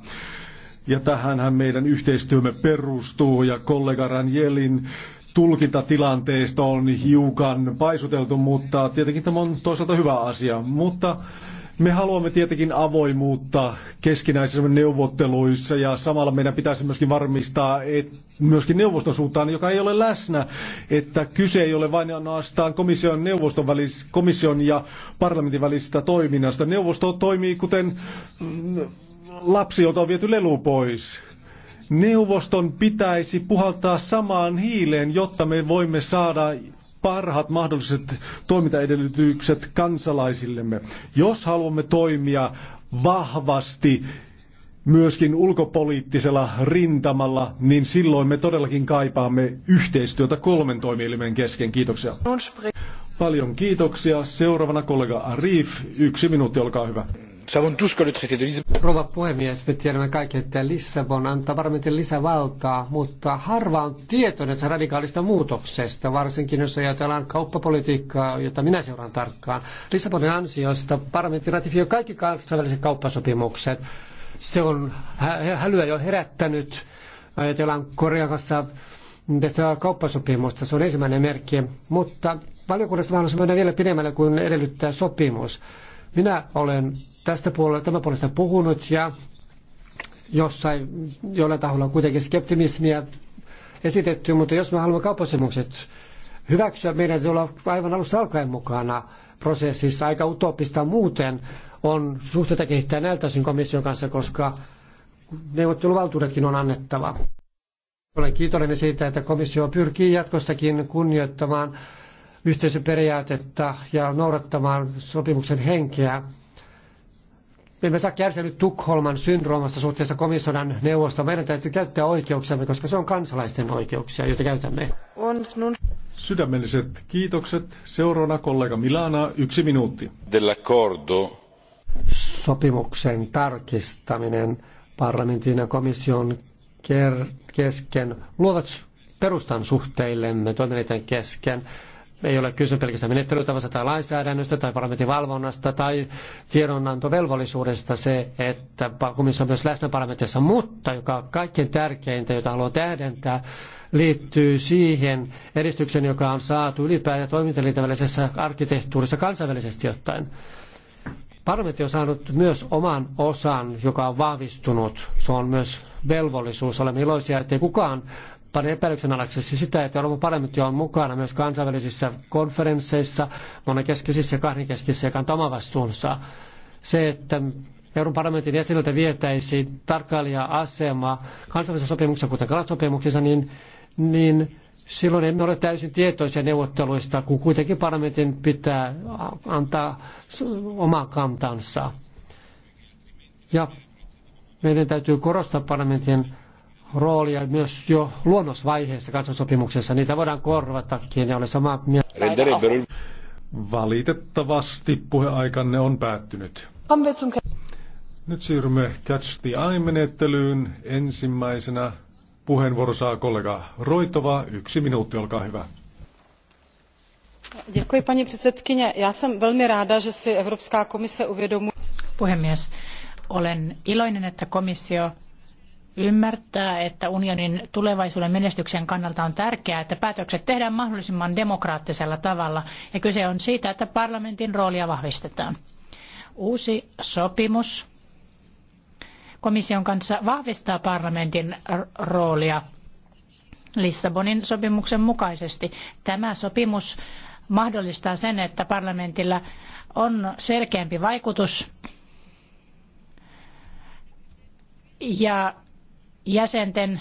Ja tähänhän meidän yhteistyömme perustuu ja kollega Ranjelin tulkinta tilanteesta on hiukan paisuteltu, mutta tietenkin tämä on toisaalta hyvä asia. Mutta me haluamme tietenkin avoimuutta keskinäisissä neuvotteluissa ja samalla meidän pitäisi myöskin varmistaa, että myöskin neuvoston suuntaan, joka ei ole läsnä, että kyse ei ole vain ainoastaan komission, neuvoston välis, komission ja parlamentin välisestä toiminnasta. Neuvosto toimii kuten mm, lapsi, jota on viety lelu pois. Neuvoston pitäisi puhaltaa samaan hiileen, jotta me voimme saada parhaat mahdolliset toimintaedellytykset kansalaisillemme. Jos haluamme toimia vahvasti myöskin ulkopoliittisella rintamalla, niin silloin me todellakin kaipaamme yhteistyötä kolmen toimielimen kesken. Kiitoksia. Paljon kiitoksia. Seuraavana kollega Arif. Yksi minuutti, olkaa hyvä. Rouva puhemies, me tiedämme kaikki, että Lissabon antaa parlamentin lisävaltaa, mutta harva on tietoinen se radikaalista muutoksesta, varsinkin jos ajatellaan kauppapolitiikkaa, jota minä seuraan tarkkaan. Lissabonin ansiosta parlamentti ratifioi kaikki kansainväliset kauppasopimukset. Se on hälyä jo herättänyt. Ajatellaan Korean kanssa tehtävää kauppasopimusta, se on ensimmäinen merkki, mutta valiokunnassa haluaisimme mennä vielä pidemmälle kuin edellyttää sopimus. Minä olen tästä puolella, tämän puolesta puhunut ja jossain, jollain taholla on kuitenkin skeptimismiä esitetty, mutta jos me haluamme kauppasemukset hyväksyä, meidän täytyy olla aivan alusta alkaen mukana prosessissa. Aika utopista muuten on suhteita kehittää näiltä osin komission kanssa, koska neuvotteluvaltuudetkin on annettava. Olen kiitollinen siitä, että komissio pyrkii jatkostakin kunnioittamaan yhteisöperiaatetta ja noudattamaan sopimuksen henkeä. Me emme saa kärsiä nyt Tukholman syndroomasta suhteessa komissionan neuvosta. Meidän täytyy käyttää oikeuksiamme, koska se on kansalaisten oikeuksia, joita käytämme. On sinun... Sydämelliset kiitokset. Seuraavana kollega Milana, yksi minuutti. Dell'accordo. Sopimuksen tarkistaminen parlamentin ja komission kesken luovat perustan suhteillemme toimineiden kesken. Ei ole kyse pelkästään menettelytavasta tai lainsäädännöstä tai parlamentin valvonnasta tai tiedonantovelvollisuudesta se, että komissio on myös läsnä parlamentissa, mutta joka on kaikkein tärkeintä, jota haluan tähdentää, liittyy siihen edistykseen, joka on saatu ylipäätään toimintalinten välisessä arkkitehtuurissa kansainvälisesti ottaen. Parlamentti on saanut myös oman osan, joka on vahvistunut. Se on myös velvollisuus. Olemme iloisia, ettei kukaan panee epäilyksen alaiseksi sitä, että Euroopan parlamentti on mukana myös kansainvälisissä konferensseissa, monenkeskisissä ja kahdenkeskisissä, joka antaa vastuunsa. Se, että Euroopan parlamentin jäseniltä vietäisiin tarkkailija-asema kansainvälisessä sopimuksessa, kuten Kalat-sopimuksessa, niin, niin silloin emme ole täysin tietoisia neuvotteluista, kun kuitenkin parlamentin pitää antaa oma kantansa. Ja meidän täytyy korostaa parlamentin roolia myös jo luonnosvaiheessa kansansopimuksessa. Niitä voidaan korvatakin ja olen samaa mieltä. Valitettavasti puheaikanne on päättynyt. Nyt siirrymme Catch the Eye-menettelyyn. Ensimmäisenä puheenvuoro saa kollega Roitova. Yksi minuutti, olkaa hyvä. Děkuji, paní předsedkyně. Já jsem velmi ráda, že si Evropská komise uvědomuje. Puhemies, olen iloinen, että komissio ymmärtää, että unionin tulevaisuuden menestyksen kannalta on tärkeää, että päätökset tehdään mahdollisimman demokraattisella tavalla ja kyse on siitä, että parlamentin roolia vahvistetaan. Uusi sopimus komission kanssa vahvistaa parlamentin roolia Lissabonin sopimuksen mukaisesti. Tämä sopimus mahdollistaa sen, että parlamentilla on selkeämpi vaikutus ja jäsenten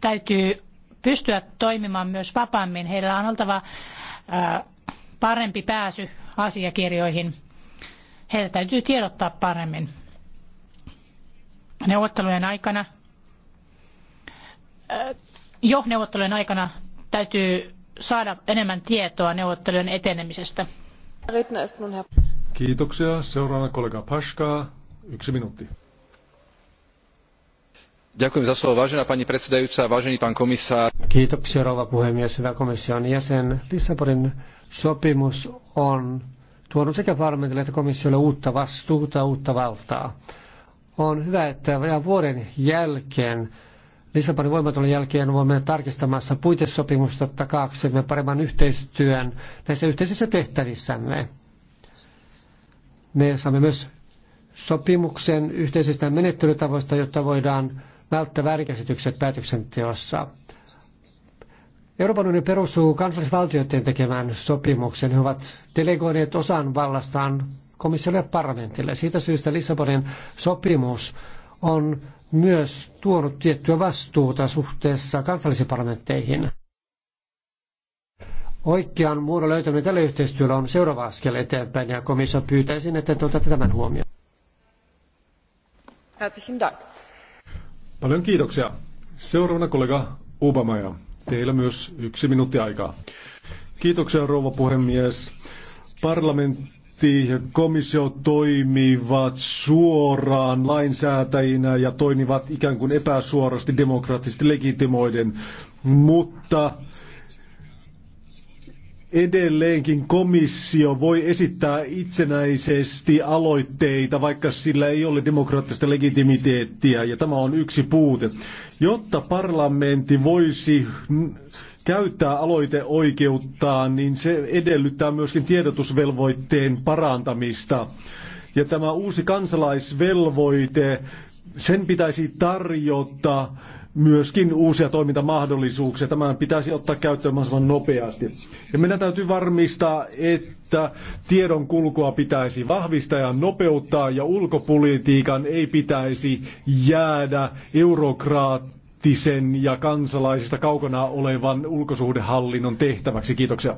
täytyy pystyä toimimaan myös vapaammin. Heillä on oltava parempi pääsy asiakirjoihin. Heitä täytyy tiedottaa paremmin. Neuvottelujen aikana, jo neuvottelujen aikana täytyy saada enemmän tietoa neuvottelujen etenemisestä. Kiitoksia. seuraava kollega Paska Yksi minuutti. Kiitoksia rouva puhemies, hyvä komission jäsen. Lissabonin sopimus on tuonut sekä parlamentille että komissiolle uutta vastuuta, uutta valtaa. On hyvä, että vajaan vuoden jälkeen, Lissabonin voimatulon jälkeen voimme tarkistamassa puitesopimusta takaaksemme paremman yhteistyön näissä yhteisissä tehtävissämme. Me saamme myös sopimuksen yhteisistä menettelytavoista, jotta voidaan välttää väärinkäsitykset päätöksenteossa. Euroopan unioni perustuu kansallisvaltioiden tekemään sopimuksen. He ovat delegoineet osan vallastaan komissiolle ja parlamentille. Siitä syystä Lissabonin sopimus on myös tuonut tiettyä vastuuta suhteessa kansallisiin parlamentteihin. Oikean muodon löytäminen tälle yhteistyölle on seuraava askel eteenpäin ja komissio pyytäisin, että te otatte tämän huomioon. Herzlichen Dank. Paljon kiitoksia. Seuraavana kollega Obama ja teillä myös yksi minuutti aikaa. Kiitoksia rouva puhemies. Parlamentti ja komissio toimivat suoraan lainsäätäjinä ja toimivat ikään kuin epäsuorasti demokraattisesti legitimoiden, mutta edelleenkin komissio voi esittää itsenäisesti aloitteita, vaikka sillä ei ole demokraattista legitimiteettiä, ja tämä on yksi puute. Jotta parlamentti voisi käyttää aloiteoikeuttaan, niin se edellyttää myöskin tiedotusvelvoitteen parantamista. Ja tämä uusi kansalaisvelvoite, sen pitäisi tarjota myöskin uusia toimintamahdollisuuksia. Tämän pitäisi ottaa käyttöön mahdollisimman nopeasti. Ja meidän täytyy varmistaa, että tiedon kulkua pitäisi vahvistaa ja nopeuttaa ja ulkopolitiikan ei pitäisi jäädä eurokraattisen ja kansalaisista kaukana olevan ulkosuhdehallinnon tehtäväksi. Kiitoksia.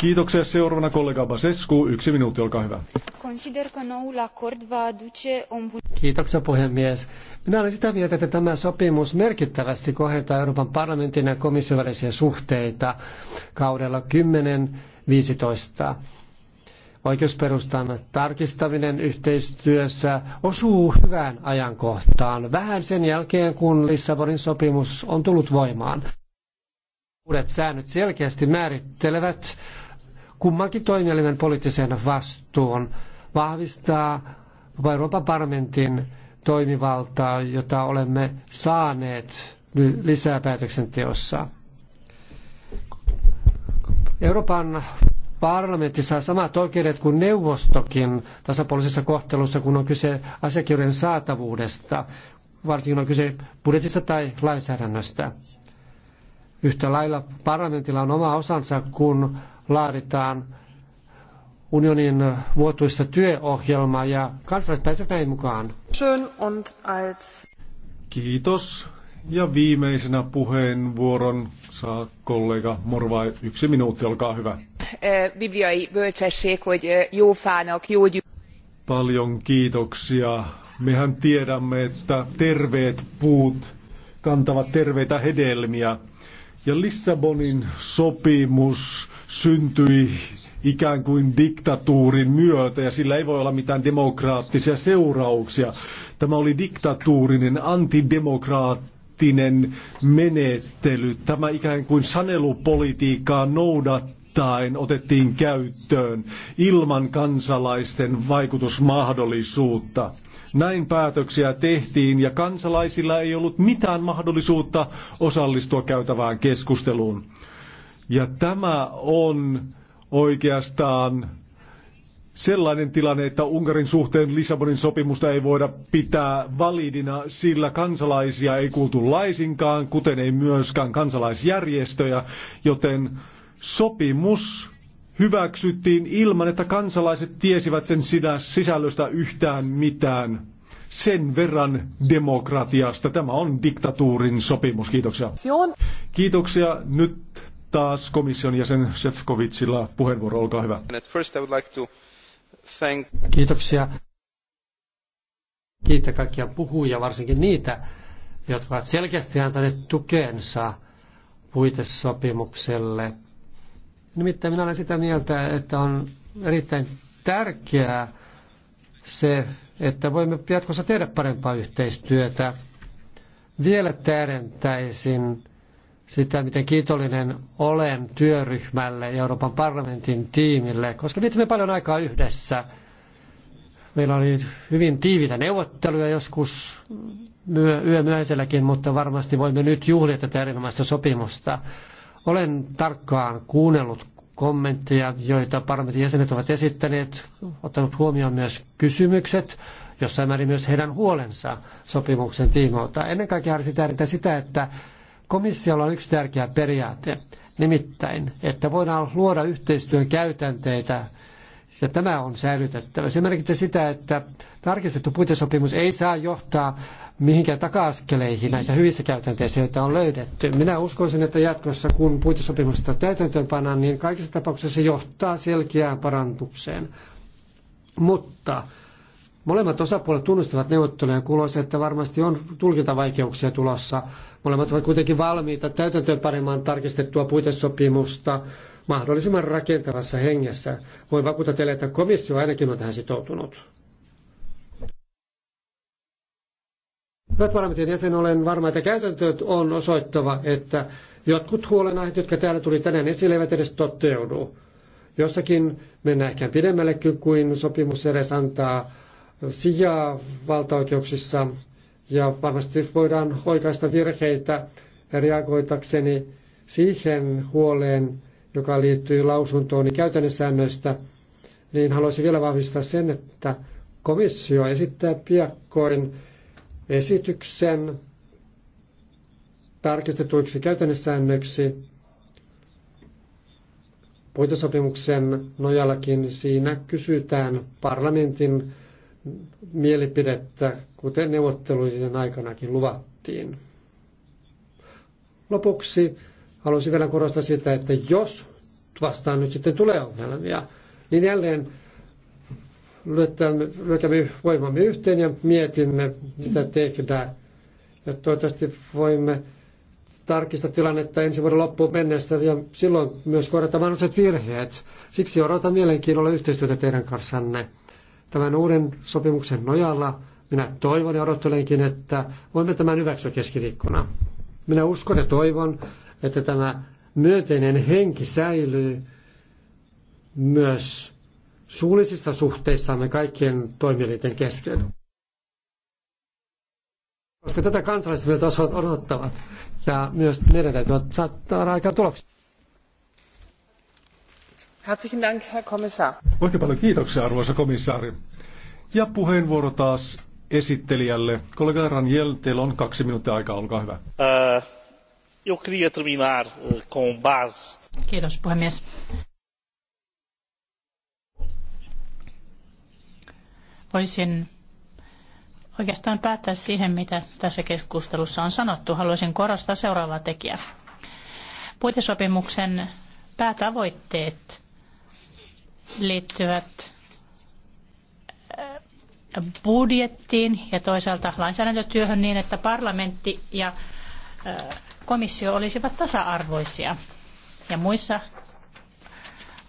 Kiitoksia. Seuraavana kollega Basescu. Yksi minuutti, olkaa hyvä. Consider că noul acord va aduce Kiitoksia puhemies. Minä olen sitä mieltä, että tämä sopimus merkittävästi kohentaa Euroopan parlamentin ja komission välisiä suhteita kaudella 10-15. Oikeusperustan tarkistaminen yhteistyössä osuu hyvään ajankohtaan, vähän sen jälkeen kun Lissabonin sopimus on tullut voimaan. Uudet säännöt selkeästi määrittelevät kummankin toimielimen poliittisen vastuun vahvistaa Euroopan parlamentin toimivaltaa, jota olemme saaneet lisää päätöksenteossa. Euroopan parlamentti saa samat oikeudet kuin neuvostokin tasapuolisessa kohtelussa, kun on kyse asiakirjojen saatavuudesta, varsinkin on kyse budjetista tai lainsäädännöstä. Yhtä lailla parlamentilla on oma osansa, kun laaditaan unionin vuotuista työohjelmaa ja kansalaiset pääsevät näin mukaan. Schön und als... Kiitos. Ja viimeisenä puheenvuoron saa kollega Morvai. Yksi minuutti, olkaa hyvä. Eh, eh, Paljon kiitoksia. Mehän tiedämme, että terveet puut kantavat terveitä hedelmiä. Ja Lissabonin sopimus syntyi ikään kuin diktatuurin myötä ja sillä ei voi olla mitään demokraattisia seurauksia. Tämä oli diktatuurinen, antidemokraattinen menettely. Tämä ikään kuin sanelupolitiikkaa noudattava asteittain otettiin käyttöön ilman kansalaisten vaikutusmahdollisuutta. Näin päätöksiä tehtiin ja kansalaisilla ei ollut mitään mahdollisuutta osallistua käytävään keskusteluun. Ja tämä on oikeastaan sellainen tilanne, että Unkarin suhteen Lissabonin sopimusta ei voida pitää validina, sillä kansalaisia ei kuultu laisinkaan, kuten ei myöskään kansalaisjärjestöjä, joten Sopimus hyväksyttiin ilman, että kansalaiset tiesivät sen sisällöstä yhtään mitään. Sen verran demokratiasta. Tämä on diktatuurin sopimus. Kiitoksia. Kiitoksia. Nyt taas komission jäsen Sefcovicilla puheenvuoro. Olkaa hyvä. Kiitoksia. Kiitä kaikkia puhujia, varsinkin niitä, jotka ovat selkeästi antaneet tukensa puitesopimukselle – Nimittäin minä olen sitä mieltä, että on erittäin tärkeää se, että voimme jatkossa tehdä parempaa yhteistyötä. Vielä täydentäisin sitä, miten kiitollinen olen työryhmälle ja Euroopan parlamentin tiimille, koska vietimme paljon aikaa yhdessä. Meillä oli hyvin tiivitä neuvotteluja joskus myö, yömyöiselläkin, mutta varmasti voimme nyt juhlia tätä erinomaista sopimusta. Olen tarkkaan kuunnellut kommentteja, joita parlamentin jäsenet ovat esittäneet, ottanut huomioon myös kysymykset, jossain määrin myös heidän huolensa sopimuksen tiimoilta. Ennen kaikkea olisi tärkeää sitä, että komissiolla on yksi tärkeä periaate, nimittäin, että voidaan luoda yhteistyön käytänteitä, ja tämä on säilytettävä. Se merkitsee sitä, että tarkistettu puitesopimus ei saa johtaa mihinkään taka-askeleihin näissä hyvissä käytänteissä, joita on löydetty. Minä uskoisin, että jatkossa kun puitesopimusta täytäntöönpannaan, niin kaikissa tapauksissa se johtaa selkeään parantukseen. Mutta molemmat osapuolet tunnustavat neuvottelujen kuluessa, että varmasti on tulkintavaikeuksia tulossa. Molemmat ovat kuitenkin valmiita täytäntöönpanemaan tarkistettua puitesopimusta mahdollisimman rakentavassa hengessä. Voin vakuuttaa teille, että komissio ainakin on tähän sitoutunut. Hyvät parlamentin jäsen, olen varma, että käytäntöt on osoittava, että jotkut huolenaiheet, jotka täällä tuli tänään esille, eivät edes toteudu. Jossakin mennään ehkä pidemmällekin kuin sopimus edes antaa sijaa valtaoikeuksissa ja varmasti voidaan oikaista virheitä ja reagoitakseni siihen huoleen, joka liittyy lausuntoon niin käytännössäännöistä, niin haluaisin vielä vahvistaa sen, että komissio esittää piakkoin esityksen tarkistetuiksi käytännössäännöksi puitesopimuksen nojallakin siinä kysytään parlamentin mielipidettä, kuten neuvottelujen aikanakin luvattiin. Lopuksi haluaisin vielä korostaa sitä, että jos vastaan nyt sitten tulee ongelmia, niin jälleen lyötämme, lyötämme voimamme yhteen ja mietimme, mitä tehdään. Ja toivottavasti voimme tarkistaa tilannetta ensi vuoden loppuun mennessä ja silloin myös korjata vanhuset virheet. Siksi odotan mielenkiinnolla yhteistyötä teidän kanssanne. Tämän uuden sopimuksen nojalla minä toivon ja odottelenkin, että voimme tämän hyväksyä keskiviikkona. Minä uskon ja toivon, että tämä myönteinen henki säilyy myös suullisissa suhteissamme kaikkien toimielinten kesken. Koska tätä kansalaiset meiltä odottavat ja myös meidän täytyy saattaa aikaan tuloksia. Herzlichen Dank, Herr Kommissar. Oikein paljon kiitoksia, arvoisa komissaari. Ja puheenvuoro taas esittelijälle. Kollega Raniel, teillä on kaksi minuuttia aikaa, olkaa hyvä. Uh, terminar uh, base. Kiitos, puhemies. Voisin oikeastaan päättää siihen, mitä tässä keskustelussa on sanottu. Haluaisin korostaa seuraavaa tekijää. Puitesopimuksen päätavoitteet liittyvät äh, budjettiin ja toisaalta lainsäädäntötyöhön niin, että parlamentti ja äh, komissio olisivat tasa-arvoisia. Ja muissa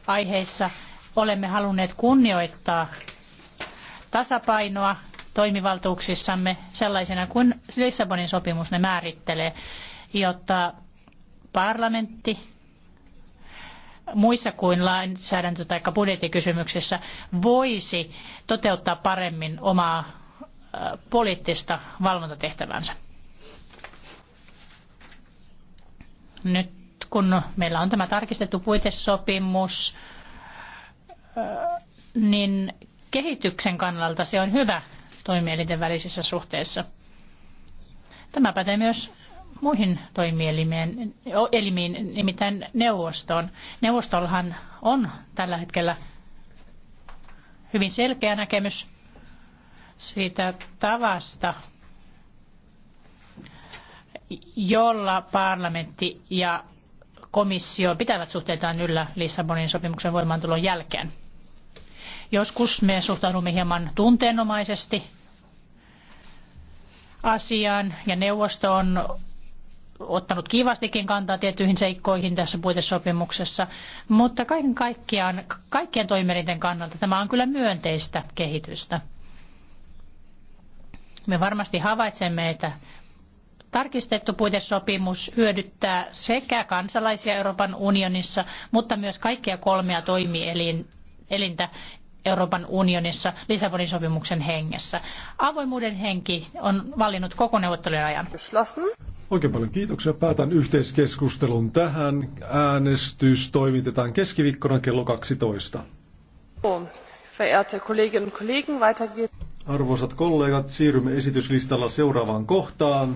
aiheissa olemme halunneet kunnioittaa tasapainoa toimivaltuuksissamme sellaisena kuin Lissabonin sopimus ne määrittelee, jotta parlamentti muissa kuin lainsäädäntö- tai budjettikysymyksissä voisi toteuttaa paremmin omaa poliittista valvontatehtävänsä. Nyt kun meillä on tämä tarkistettu puitesopimus, niin kehityksen kannalta se on hyvä toimielinten välisissä suhteissa. Tämä pätee myös muihin toimielimiin, elimiin, nimittäin neuvostoon. Neuvostollahan on tällä hetkellä hyvin selkeä näkemys siitä tavasta, jolla parlamentti ja komissio pitävät suhteitaan yllä Lissabonin sopimuksen voimaantulon jälkeen. Joskus me suhtaudumme hieman tunteenomaisesti asiaan ja neuvosto on ottanut kiivastikin kantaa tiettyihin seikkoihin tässä puitesopimuksessa, mutta kaiken kaikkiaan kaikkien toimielinten kannalta tämä on kyllä myönteistä kehitystä. Me varmasti havaitsemme, että tarkistettu puitesopimus hyödyttää sekä kansalaisia Euroopan unionissa, mutta myös kaikkia kolmea toimielintä Euroopan unionissa Lissabonin sopimuksen hengessä. Avoimuuden henki on valinnut koko neuvottelujen ajan. Oikein paljon kiitoksia. Päätän yhteiskeskustelun tähän. Äänestys toimitetaan keskiviikkona kello 12. Arvoisat kollegat, siirrymme esityslistalla seuraavaan kohtaan.